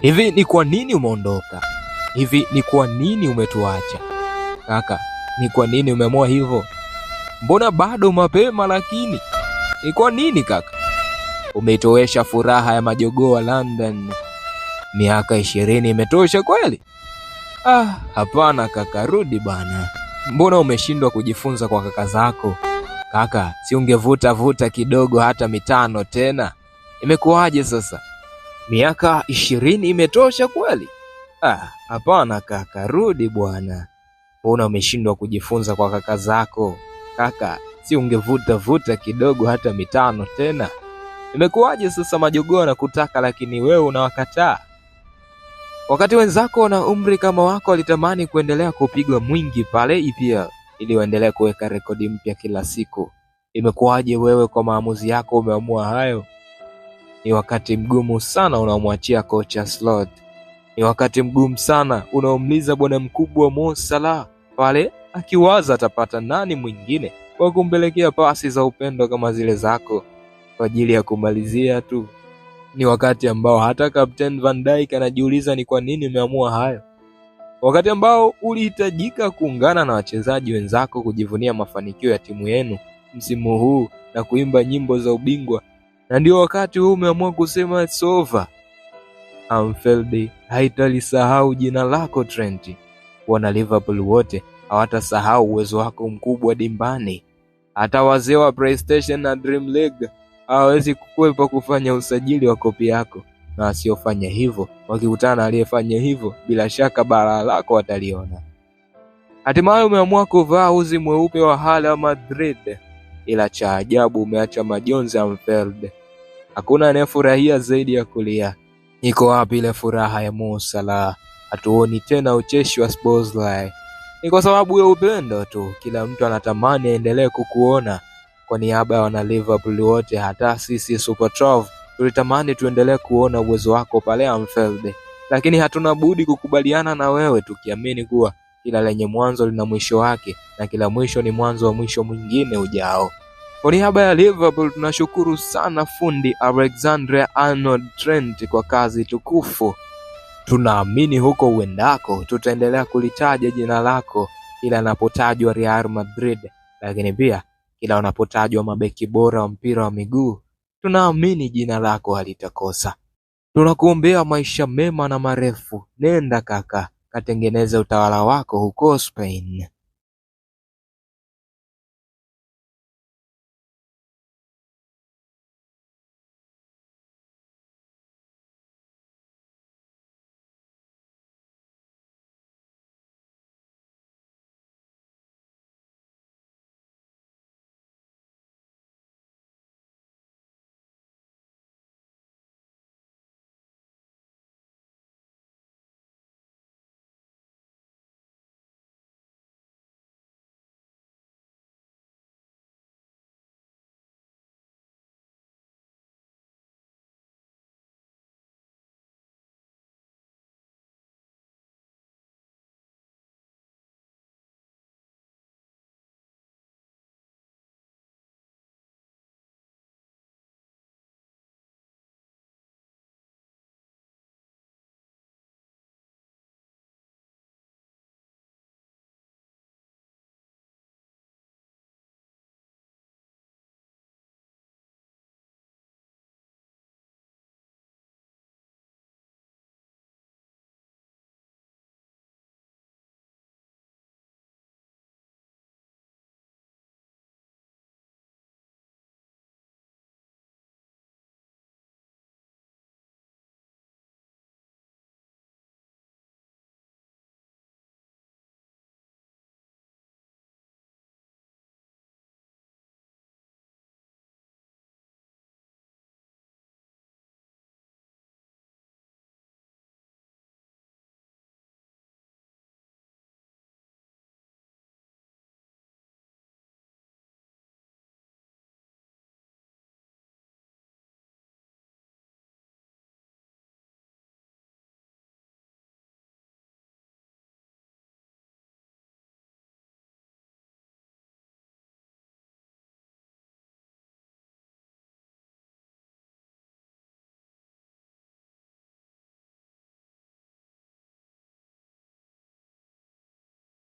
Hivi ni kwa nini umeondoka? Hivi ni kwa nini umetuacha? Kaka, ni kwa nini umeamua hivyo? Mbona bado mapema lakini? Ni kwa nini kaka? Umetoesha furaha ya majogoo wa London. Miaka ishirini imetosha kweli? Ah, hapana kaka, rudi bana. Mbona umeshindwa kujifunza kwa kaka zako? Kaka, si ungevuta vuta kidogo hata mitano tena? Imekuwaje sasa? miaka ishirini imetosha kweli? Ah, hapana kaka, rudi bwana. Mbona umeshindwa kujifunza kwa kaka zako? Kaka, si ungevuta vuta kidogo hata mitano tena? Imekuwaje sasa majogoo anakutaka, lakini wewe unawakataa, wakati wenzako na umri kama wako walitamani kuendelea kupigwa mwingi pale ipya ili waendelee kuweka rekodi mpya kila siku. Imekuwaje wewe kwa maamuzi yako umeamua hayo? Ni wakati mgumu sana unaomwachia kocha Slot, ni wakati mgumu sana unaomliza bwana mkubwa Mo Salah pale akiwaza atapata nani mwingine kwa kumpelekea pasi za upendo kama zile zako kwa ajili ya kumalizia tu. Ni wakati ambao hata Captain Van Dijk anajiuliza ni kwa nini umeamua hayo, wakati ambao ulihitajika kuungana na wachezaji wenzako kujivunia mafanikio ya timu yenu msimu huu na kuimba nyimbo za ubingwa na ndio wakati huu umeamua kusema it's over. Anfield haitalisahau jina lako Trent. Wana Liverpool wote hawatasahau uwezo wako mkubwa dimbani. Hata wazee wa PlayStation na Dream League hawawezi kukwepa kufanya usajili wa kopi yako, na wasiofanya hivyo wakikutana aliyefanya hivyo, bila shaka balaa lako wataliona. Hatimaye umeamua kuvaa uzi mweupe wa hala Madrid ila cha ajabu umeacha majonzi ya Hakuna anayefurahia zaidi ya kulia. Iko wapi ile furaha ya Musala? Hatuoni tena ucheshi wa Szola. Ni kwa sababu ya upendo tu, kila mtu anatamani aendelee kukuona. Kwa niaba ya wana Liverpool wote, hata sisi Supertrove tulitamani tuendelee kuona uwezo wako pale Anfield, lakini hatuna budi kukubaliana na wewe tukiamini kuwa kila lenye mwanzo lina mwisho wake, na kila mwisho ni mwanzo wa mwisho mwingine ujao. Kwa niaba ya Liverpool tunashukuru sana fundi Alexandre Arnold Trent kwa kazi tukufu. Tunaamini huko uendako tutaendelea kulitaja jina lako kila anapotajwa Real Madrid, lakini pia kila unapotajwa mabeki bora wa mpira wa miguu, tunaamini jina lako halitakosa. Tunakuombea maisha mema na marefu. Nenda kaka, katengeneza utawala wako huko Spain